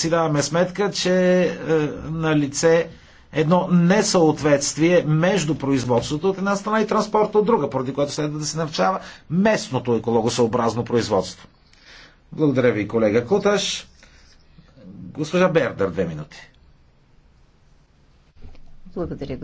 си даваме сметка, че е, на лице едно несъответствие между производството от една страна и транспорта от друга, поради което следва да се навчава местното екологосъобразно производство. Благодаря ви, колега Куташ. Госпожа Бердър, две минути. Благодаря, господин.